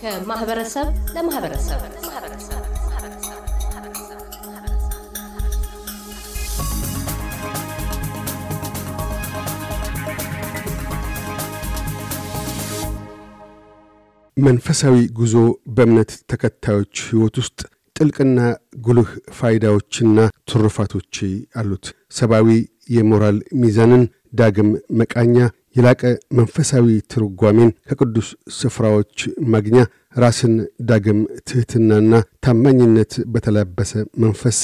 ከማህበረሰብ ለማህበረሰብ መንፈሳዊ ጉዞ በእምነት ተከታዮች ህይወት ውስጥ ጥልቅና ጉልህ ፋይዳዎችና ትሩፋቶች አሉት። ሰብአዊ የሞራል ሚዛንን ዳግም መቃኛ፣ የላቀ መንፈሳዊ ትርጓሜን ከቅዱስ ስፍራዎች ማግኛ፣ ራስን ዳግም ትህትናና ታማኝነት በተላበሰ መንፈስ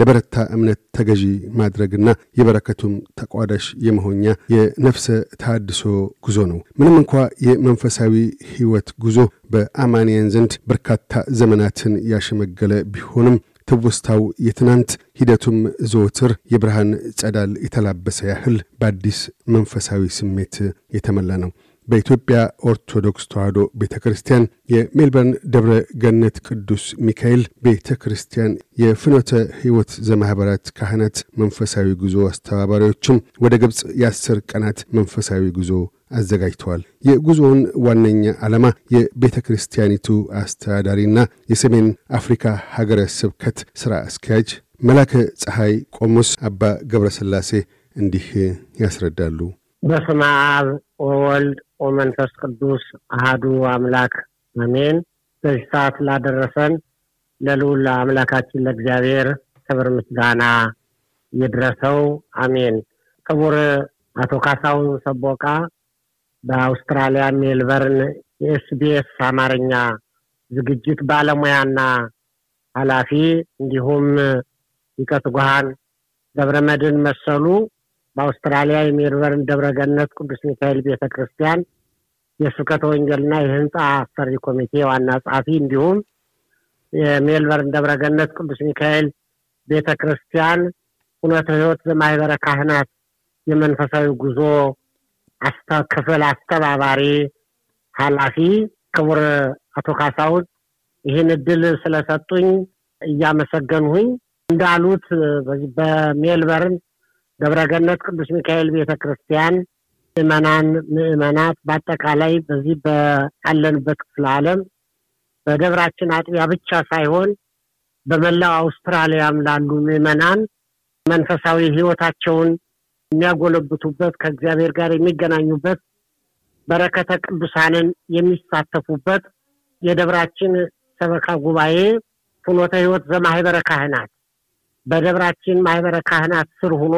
ለበረታ እምነት ተገዢ ማድረግና የበረከቱም ተቋዳሽ የመሆኛ የነፍሰ ታድሶ ጉዞ ነው። ምንም እንኳ የመንፈሳዊ ሕይወት ጉዞ በአማንያን ዘንድ በርካታ ዘመናትን ያሸመገለ ቢሆንም ትውስታው የትናንት ሂደቱም ዘወትር የብርሃን ጸዳል የተላበሰ ያህል በአዲስ መንፈሳዊ ስሜት የተሞላ ነው። በኢትዮጵያ ኦርቶዶክስ ተዋሕዶ ቤተ ክርስቲያን የሜልበርን ደብረ ገነት ቅዱስ ሚካኤል ቤተ ክርስቲያን የፍኖተ ሕይወት ዘማኅበራት ካህናት መንፈሳዊ ጉዞ አስተባባሪዎችም ወደ ግብፅ የአስር ቀናት መንፈሳዊ ጉዞ አዘጋጅተዋል። የጉዞውን ዋነኛ ዓላማ የቤተ ክርስቲያኒቱ አስተዳዳሪና የሰሜን አፍሪካ ሀገረ ስብከት ሥራ አስኪያጅ መላከ ፀሐይ ቆሞስ አባ ገብረ ስላሴ እንዲህ ያስረዳሉ። በስመ አብ ወወልድ መንፈስ ቅዱስ አህዱ አምላክ አሜን። በዚህ ሰዓት ላደረሰን ለልዑል አምላካችን ለእግዚአብሔር ክብር ምስጋና ይድረሰው፣ አሜን። ክቡር አቶ ካሳሁን ሰቦቃ በአውስትራሊያ ሜልበርን የኤስቢኤስ አማርኛ ዝግጅት ባለሙያና ኃላፊ እንዲሁም ይቀትጓሃን ገብረመድን መሰሉ በአውስትራሊያ የሜልበርን ደብረገነት ቅዱስ ሚካኤል ቤተ ክርስቲያን የስብከተ ወንጌልና የህንፃ አሰሪ ኮሚቴ ዋና ጸሐፊ እንዲሁም የሜልበርን ደብረገነት ቅዱስ ሚካኤል ቤተ ክርስቲያን ሁነተ ህይወት በማህበረ ካህናት የመንፈሳዊ ጉዞ ክፍል አስተባባሪ ኃላፊ ክቡር አቶ ካሳሁን ይህን እድል ስለሰጡኝ እያመሰገንሁኝ እንዳሉት በሜልበርን ደብረገነት ቅዱስ ሚካኤል ቤተ ክርስቲያን ምእመናን፣ ምእመናት በአጠቃላይ በዚህ በአለንበት ክፍለ ዓለም በደብራችን አጥቢያ ብቻ ሳይሆን በመላው አውስትራሊያም ላሉ ምእመናን መንፈሳዊ ሕይወታቸውን የሚያጎለብቱበት ከእግዚአብሔር ጋር የሚገናኙበት በረከተ ቅዱሳንን የሚሳተፉበት የደብራችን ሰበካ ጉባኤ ፍኖተ ሕይወት ዘማህበረ ካህናት በደብራችን ማህበረ ካህናት ስር ሆኖ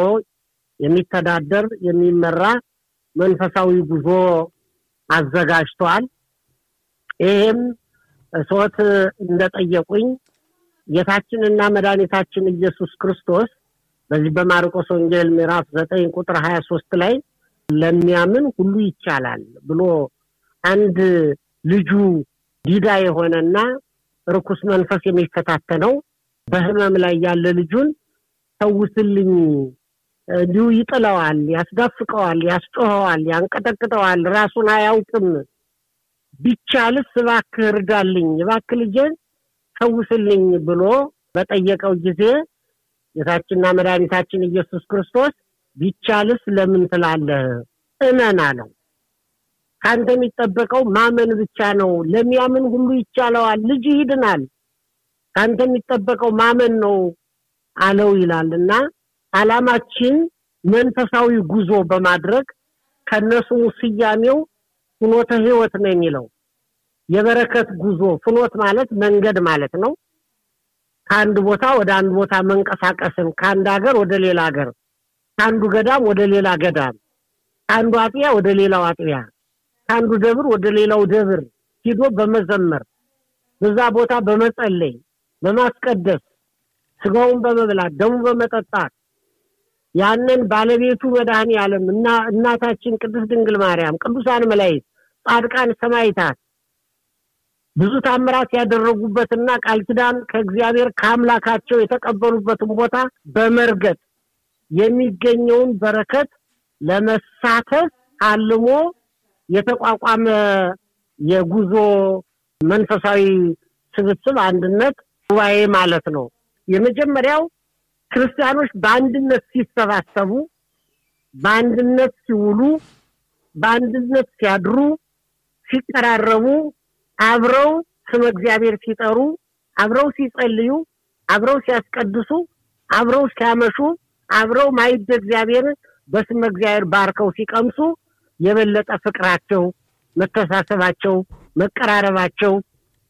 የሚተዳደር የሚመራ መንፈሳዊ ጉዞ አዘጋጅተዋል። ይህም እሶት እንደጠየቁኝ ጌታችንና መድኃኒታችን ኢየሱስ ክርስቶስ በዚህ በማርቆስ ወንጌል ምዕራፍ ዘጠኝ ቁጥር ሀያ ሶስት ላይ ለሚያምን ሁሉ ይቻላል ብሎ አንድ ልጁ ዲዳ የሆነና ርኩስ መንፈስ የሚፈታተነው በህመም ላይ ያለ ልጁን ሰውስልኝ እንዲሁ ይጥለዋል፣ ያስዳፍቀዋል፣ ያስጮኸዋል፣ ያንቀጠቅጠዋል። ራሱን አያውቅም። ቢቻልስ እባክህ እርዳልኝ፣ እባክህ ልጄን ፈውስልኝ ብሎ በጠየቀው ጊዜ ጌታችንና መድኃኒታችን ኢየሱስ ክርስቶስ ቢቻልስ ለምን ትላለህ? እመን አለው። ከአንተ የሚጠበቀው ማመን ብቻ ነው። ለሚያምን ሁሉ ይቻለዋል፣ ልጅ ይድናል። ከአንተ የሚጠበቀው ማመን ነው አለው ይላል እና አላማችን መንፈሳዊ ጉዞ በማድረግ ከነስሙ ስያሜው ፍኖተ ህይወት ነው የሚለው የበረከት ጉዞ ፍኖት ማለት መንገድ ማለት ነው። ከአንድ ቦታ ወደ አንድ ቦታ መንቀሳቀስን፣ ከአንድ ሀገር ወደ ሌላ ሀገር፣ ከአንዱ ገዳም ወደ ሌላ ገዳም፣ ከአንዱ አጥቢያ ወደ ሌላው አጥቢያ፣ ከአንዱ ደብር ወደ ሌላው ደብር ሂዶ በመዘመር በዛ ቦታ በመጸለይ በማስቀደስ ስጋውን በመብላት ደሙ በመጠጣት ያንን ባለቤቱ መድኃኔ ዓለም እና እናታችን ቅድስት ድንግል ማርያም፣ ቅዱሳን መላእክት፣ ጻድቃን ሰማይታት ብዙ ታምራት ያደረጉበትና ቃል ኪዳን ከእግዚአብሔር ከአምላካቸው የተቀበሉበትን ቦታ በመርገጥ የሚገኘውን በረከት ለመሳተፍ አልሞ የተቋቋመ የጉዞ መንፈሳዊ ስብስብ አንድነት ጉባኤ ማለት ነው። የመጀመሪያው ክርስቲያኖች በአንድነት ሲሰባሰቡ፣ በአንድነት ሲውሉ፣ በአንድነት ሲያድሩ፣ ሲቀራረቡ፣ አብረው ስመ እግዚአብሔር ሲጠሩ፣ አብረው ሲጸልዩ፣ አብረው ሲያስቀድሱ፣ አብረው ሲያመሹ፣ አብረው ማይደ እግዚአብሔር በስመ እግዚአብሔር ባርከው ሲቀምሱ የበለጠ ፍቅራቸው፣ መተሳሰባቸው፣ መቀራረባቸው፣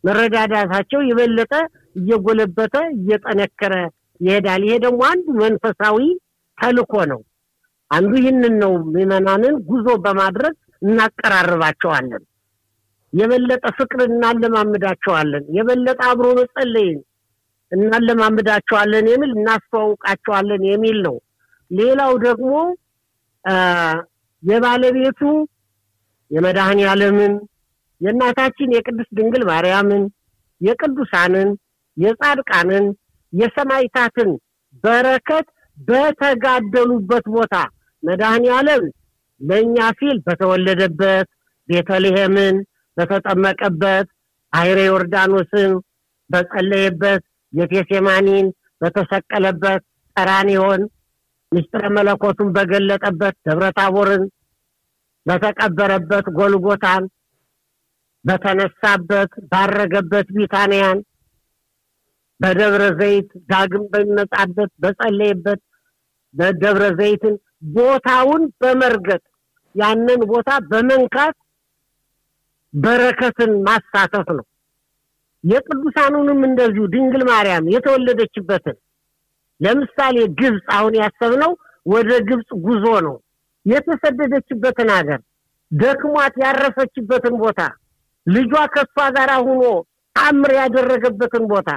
መረዳዳታቸው የበለጠ እየጎለበተ እየጠነከረ ይሄዳል። ይሄ ደግሞ አንዱ መንፈሳዊ ተልኮ ነው። አንዱ ይህንን ነው። ምዕመናንን ጉዞ በማድረግ እናቀራርባቸዋለን፣ የበለጠ ፍቅርን እናለማምዳቸዋለን፣ የበለጠ አብሮ መጸለይን እናለማምዳቸዋለን የሚል እናስተዋውቃቸዋለን የሚል ነው። ሌላው ደግሞ የባለቤቱ የመድኃኔ ዓለምን የእናታችን የቅድስት ድንግል ማርያምን የቅዱሳንን የጻድቃንን የሰማይታትን በረከት በተጋደሉበት ቦታ መድኃኔ ዓለም ለእኛ ሲል በተወለደበት ቤተልሔምን በተጠመቀበት አይሬ ዮርዳኖስን በጸለየበት የቴሴማኒን በተሰቀለበት ቀራንዮን ምስጢረ መለኮቱን በገለጠበት ደብረ ታቦርን በተቀበረበት ጎልጎታን በተነሳበት ባረገበት ቢታንያን በደብረ ዘይት ዳግም በሚመጣበት በጸለይበት በደብረ ዘይትን ቦታውን በመርገጥ ያንን ቦታ በመንካት በረከትን ማሳተፍ ነው። የቅዱሳኑንም እንደዚሁ ድንግል ማርያም የተወለደችበትን ለምሳሌ ግብፅ አሁን ያሰብነው ወደ ግብፅ ጉዞ ነው። የተሰደደችበትን ሀገር ደክሟት ያረፈችበትን ቦታ ልጇ ከሷ ጋር ሁኖ ታምር ያደረገበትን ቦታ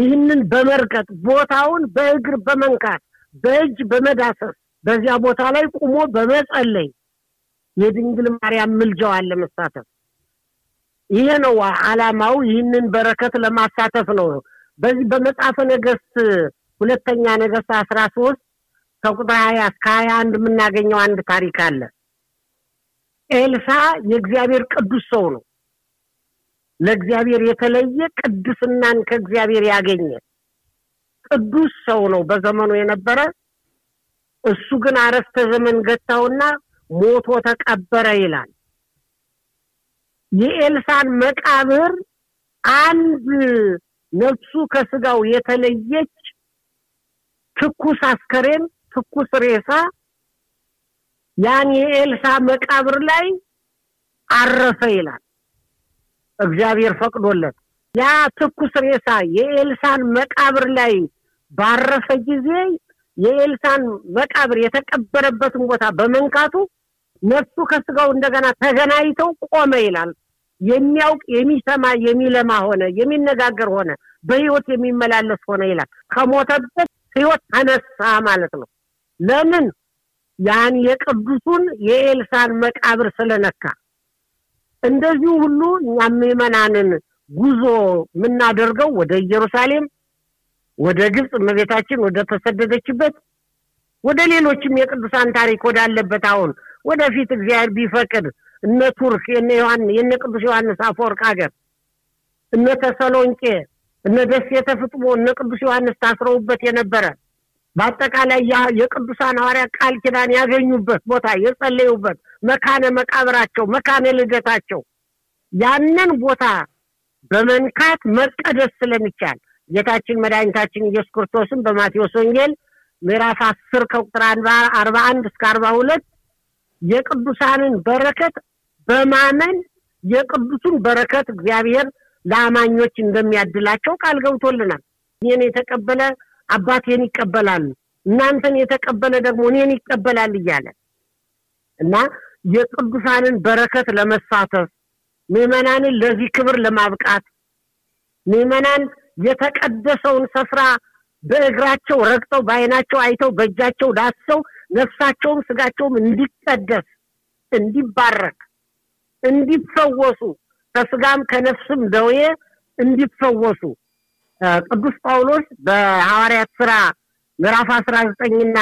ይህንን በመርገጥ ቦታውን በእግር በመንካት በእጅ በመዳሰስ በዚያ ቦታ ላይ ቁሞ በመጸለይ የድንግል ማርያም ምልጃዋን ለመሳተፍ ይሄ ነው አላማው። ይህንን በረከት ለማሳተፍ ነው። በዚህ በመጽሐፈ ነገስት ሁለተኛ ነገስት አስራ ሶስት ከቁጥር ሀያ እስከ ሀያ አንድ የምናገኘው አንድ ታሪክ አለ። ኤልሳ የእግዚአብሔር ቅዱስ ሰው ነው። ለእግዚአብሔር የተለየ ቅድስናን ከእግዚአብሔር ያገኘ ቅዱስ ሰው ነው በዘመኑ የነበረ። እሱ ግን አረፍተ ዘመን ገታውና ሞቶ ተቀበረ ይላል። የኤልሳን መቃብር አንድ ነፍሱ ከስጋው የተለየች ትኩስ አስከሬን፣ ትኩስ ሬሳ ያን የኤልሳ መቃብር ላይ አረፈ ይላል። እግዚአብሔር ፈቅዶለት ያ ትኩስ ሬሳ የኤልሳን መቃብር ላይ ባረፈ ጊዜ የኤልሳን መቃብር የተቀበረበትን ቦታ በመንካቱ ነፍሱ ከስጋው እንደገና ተገናኝተው ቆመ ይላል። የሚያውቅ የሚሰማ የሚለማ ሆነ፣ የሚነጋገር ሆነ፣ በህይወት የሚመላለስ ሆነ ይላል። ከሞተበት ህይወት ተነሳ ማለት ነው። ለምን? ያን የቅዱሱን የኤልሳን መቃብር ስለነካ እንደዚሁ ሁሉ እኛም ምዕመናንን ጉዞ የምናደርገው ወደ ኢየሩሳሌም፣ ወደ ግብፅ እመቤታችን ወደ ተሰደደችበት፣ ወደ ሌሎችም የቅዱሳን ታሪክ ወዳለበት አሁን ወደፊት እግዚአብሔር ቢፈቅድ እነ ቱርክ የነ ቅዱስ ዮሐንስ አፈወርቅ ሀገር፣ እነ ተሰሎንቄ፣ እነ ደሴተ ፍጥሞ እነ ቅዱስ ዮሐንስ ታስረውበት የነበረ በአጠቃላይ የቅዱሳን ሐዋርያ ቃል ኪዳን ያገኙበት ቦታ የጸለዩበት መካነ መቃብራቸው፣ መካነ ልደታቸው ያንን ቦታ በመንካት መቀደስ ስለሚቻል ጌታችን መድኃኒታችን ኢየሱስ ክርስቶስን በማቴዎስ ወንጌል ምዕራፍ አስር ከቁጥር አርባ አንድ እስከ አርባ ሁለት የቅዱሳንን በረከት በማመን የቅዱሱን በረከት እግዚአብሔር ለአማኞች እንደሚያድላቸው ቃል ገብቶልናል። ይህን የተቀበለ አባቴን ይቀበላሉ፣ እናንተን የተቀበለ ደግሞ እኔን ይቀበላል እያለ እና የቅዱሳንን በረከት ለመሳተፍ ምዕመናንን ለዚህ ክብር ለማብቃት ምዕመናን የተቀደሰውን ስፍራ በእግራቸው ረግጠው በዓይናቸው አይተው በእጃቸው ዳስሰው ነፍሳቸውም ስጋቸውም እንዲቀደስ እንዲባረክ እንዲፈወሱ ከስጋም ከነፍስም ደዌ እንዲፈወሱ ቅዱስ ጳውሎስ በሐዋርያት ስራ ምዕራፍ አስራ ዘጠኝና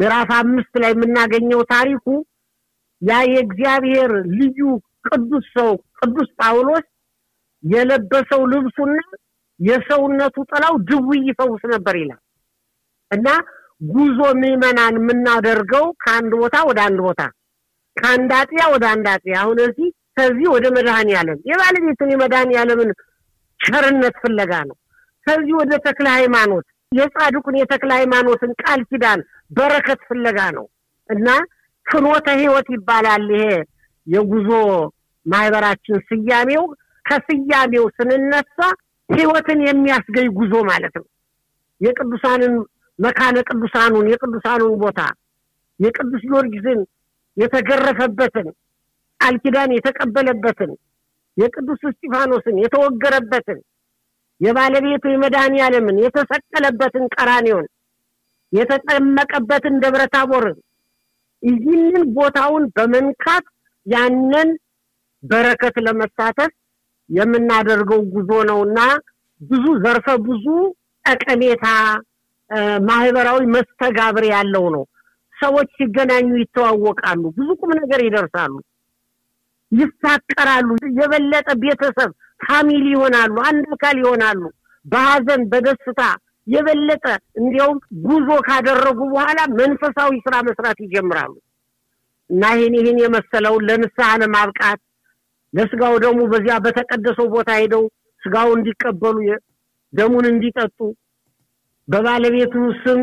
ምዕራፍ አምስት ላይ የምናገኘው ታሪኩ ያ የእግዚአብሔር ልዩ ቅዱስ ሰው ቅዱስ ጳውሎስ የለበሰው ልብሱና የሰውነቱ ጥላው ድቡ ይፈውስ ነበር ይላል እና ጉዞ ምዕመናን የምናደርገው ከአንድ ቦታ ወደ አንድ ቦታ ከአንድ አጥያ ወደ አንድ አጥያ አሁን እዚህ ከዚህ ወደ መድኃኔ ያለም የባለቤቱን የመድኃኔ ያለምን ቸርነት ፍለጋ ነው ከዚህ ወደ ተክለ ሃይማኖት የጻድቁን የተክለ ሃይማኖትን ቃል ኪዳን በረከት ፍለጋ ነው እና ፍኖተ ህይወት ይባላል ይሄ የጉዞ ማህበራችን ስያሜው። ከስያሜው ስንነሳ ህይወትን የሚያስገኝ ጉዞ ማለት ነው። የቅዱሳንን መካነ ቅዱሳኑን የቅዱሳኑን ቦታ የቅዱስ ጊዮርጊስን የተገረፈበትን ቃል ኪዳን የተቀበለበትን የቅዱስ እስጢፋኖስን የተወገረበትን የባለቤቱ የመድኃኔ ዓለምን የተሰቀለበትን ቀራኔውን የተጠመቀበትን ደብረ ታቦርን ይህንን ቦታውን በመንካት ያንን በረከት ለመሳተፍ የምናደርገው ጉዞ ነውና ብዙ ዘርፈ ብዙ ጠቀሜታ ማህበራዊ መስተጋብር ያለው ነው። ሰዎች ሲገናኙ ይተዋወቃሉ፣ ብዙ ቁም ነገር ይደርሳሉ። ይፋቀራሉ፣ የበለጠ ቤተሰብ ፋሚሊ ይሆናሉ፣ አንድ አካል ይሆናሉ። በሀዘን በደስታ የበለጠ እንዲያውም ጉዞ ካደረጉ በኋላ መንፈሳዊ ስራ መስራት ይጀምራሉ እና ይህን ይህን የመሰለውን ለንስሐ ለማብቃት ለስጋው ደግሞ በዚያ በተቀደሰው ቦታ ሄደው ስጋው እንዲቀበሉ ደሙን እንዲጠጡ በባለቤቱ ስም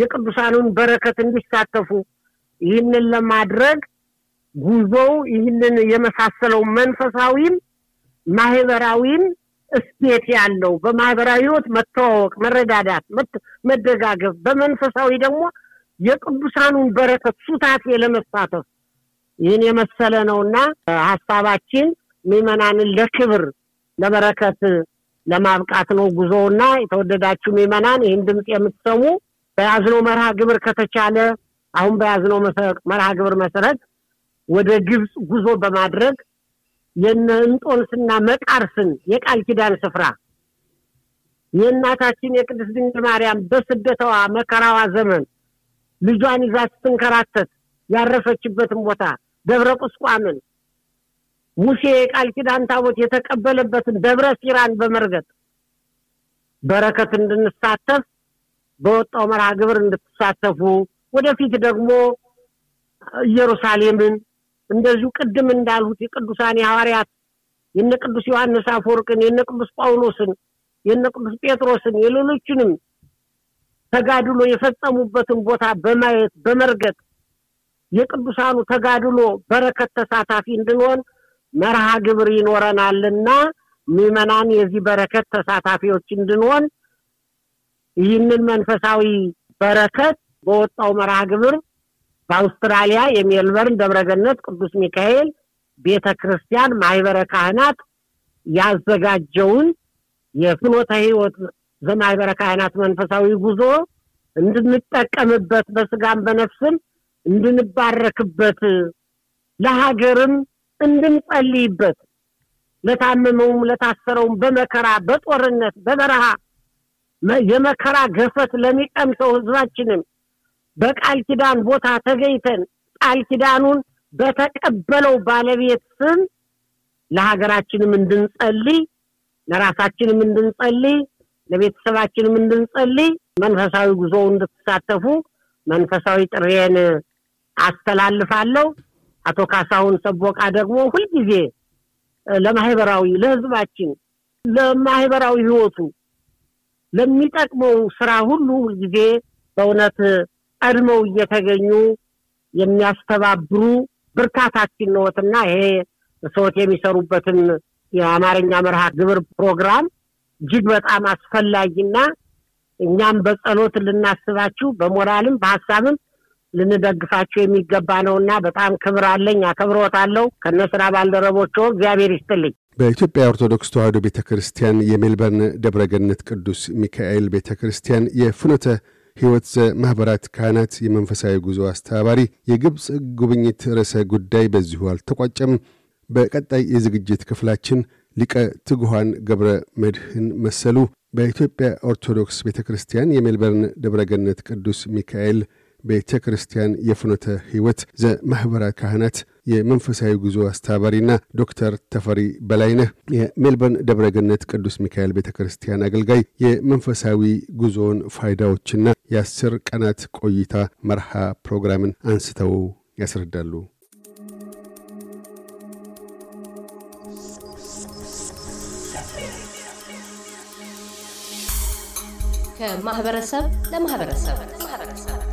የቅዱሳኑን በረከት እንዲሳተፉ ይህንን ለማድረግ ጉዞው ይህንን የመሳሰለው መንፈሳዊም ማህበራዊም እስቴት ያለው በማህበራዊ ህይወት መተዋወቅ፣ መረዳዳት፣ መደጋገፍ፣ በመንፈሳዊ ደግሞ የቅዱሳኑን በረከት ሱታቴ ለመሳተፍ ይህን የመሰለ ነውና ሀሳባችን ምዕመናንን ለክብር ለበረከት ለማብቃት ነው ጉዞውና የተወደዳችሁ ምዕመናን ይህን ድምፅ የምትሰሙ በያዝነው መርሃ ግብር ከተቻለ አሁን በያዝነው መርሃ ግብር መሰረት ወደ ግብፅ ጉዞ በማድረግ የነ እንጦንስና መቃርስን የቃል ኪዳን ስፍራ የእናታችን የቅድስት ድንግል ማርያም በስደተዋ መከራዋ ዘመን ልጇን ይዛ ስትንከራተት ያረፈችበትን ቦታ ደብረ ቁስቋምን ሙሴ የቃል ኪዳን ታቦት የተቀበለበትን ደብረ ሲራን በመርገጥ በረከት እንድንሳተፍ በወጣው መርሃ ግብር እንድትሳተፉ ወደፊት ደግሞ ኢየሩሳሌምን እንደዚሁ ቅድም እንዳልሁት የቅዱሳን የሐዋርያት የነ ቅዱስ ዮሐንስ አፈወርቅን የነ ቅዱስ ጳውሎስን የነ ቅዱስ ጴጥሮስን የሌሎችንም ተጋድሎ የፈጸሙበትን ቦታ በማየት በመርገጥ የቅዱሳኑ ተጋድሎ በረከት ተሳታፊ እንድንሆን መርሃ ግብር ይኖረናልና ምዕመናን የዚህ በረከት ተሳታፊዎች እንድንሆን ይህንን መንፈሳዊ በረከት በወጣው መርሃ ግብር በአውስትራሊያ የሜልበርን ደብረገነት ቅዱስ ሚካኤል ቤተ ክርስቲያን ማህበረ ካህናት ያዘጋጀውን የፍኖተ ህይወት በማህበረ ካህናት መንፈሳዊ ጉዞ እንድንጠቀምበት በስጋም በነፍስም እንድንባረክበት ለሀገርም እንድንጸልይበት ለታመመውም ለታሰረውም በመከራ በጦርነት በበረሃ የመከራ ገፈት ለሚቀምሰው ህዝባችንም በቃል ኪዳን ቦታ ተገኝተን ቃል ኪዳኑን በተቀበለው ባለቤት ስም ለሀገራችንም እንድንጸልይ፣ ለራሳችንም እንድንጸልይ፣ ለቤተሰባችንም እንድንጸልይ መንፈሳዊ ጉዞ እንድትሳተፉ መንፈሳዊ ጥሬን አስተላልፋለሁ። አቶ ካሳሁን ሰቦቃ ደግሞ ሁልጊዜ ለማህበራዊ ለህዝባችን ለማህበራዊ ህይወቱ ለሚጠቅመው ስራ ሁሉ ሁልጊዜ በእውነት ቀድመው እየተገኙ የሚያስተባብሩ ብርታታችን ነዎትና ይሄ ሰዎች የሚሰሩበትን የአማርኛ መርሃ ግብር ፕሮግራም እጅግ በጣም አስፈላጊና እኛም በጸሎት ልናስባችሁ በሞራልም በሀሳብም ልንደግፋቸው የሚገባ ነውና በጣም ክብር አለኝ፣ አከብሮታለሁ። ከነስራ ባልደረቦች እግዚአብሔር ይስጥልኝ። በኢትዮጵያ ኦርቶዶክስ ተዋህዶ ቤተ ክርስቲያን የሜልበርን ደብረገነት ቅዱስ ሚካኤል ቤተ ክርስቲያን የፍኖተ ሕይወት ማኅበራት ካህናት የመንፈሳዊ ጉዞ አስተባባሪ የግብፅ ጉብኝት ርዕሰ ጉዳይ በዚሁ አልተቋጨም። በቀጣይ የዝግጅት ክፍላችን ሊቀ ትጉሃን ገብረ መድህን መሰሉ በኢትዮጵያ ኦርቶዶክስ ቤተ ክርስቲያን የሜልበርን ድብረገነት ቅዱስ ሚካኤል ቤተ ክርስቲያን የፍኖተ ህይወት ዘማኅበረ ካህናት የመንፈሳዊ ጉዞ አስተባባሪና ዶክተር ተፈሪ በላይነህ የሜልበርን ደብረገነት ቅዱስ ሚካኤል ቤተ ክርስቲያን አገልጋይ የመንፈሳዊ ጉዞውን ፋይዳዎችና የአስር ቀናት ቆይታ መርሃ ፕሮግራምን አንስተው ያስረዳሉ። ከማህበረሰብ ለማህበረሰብ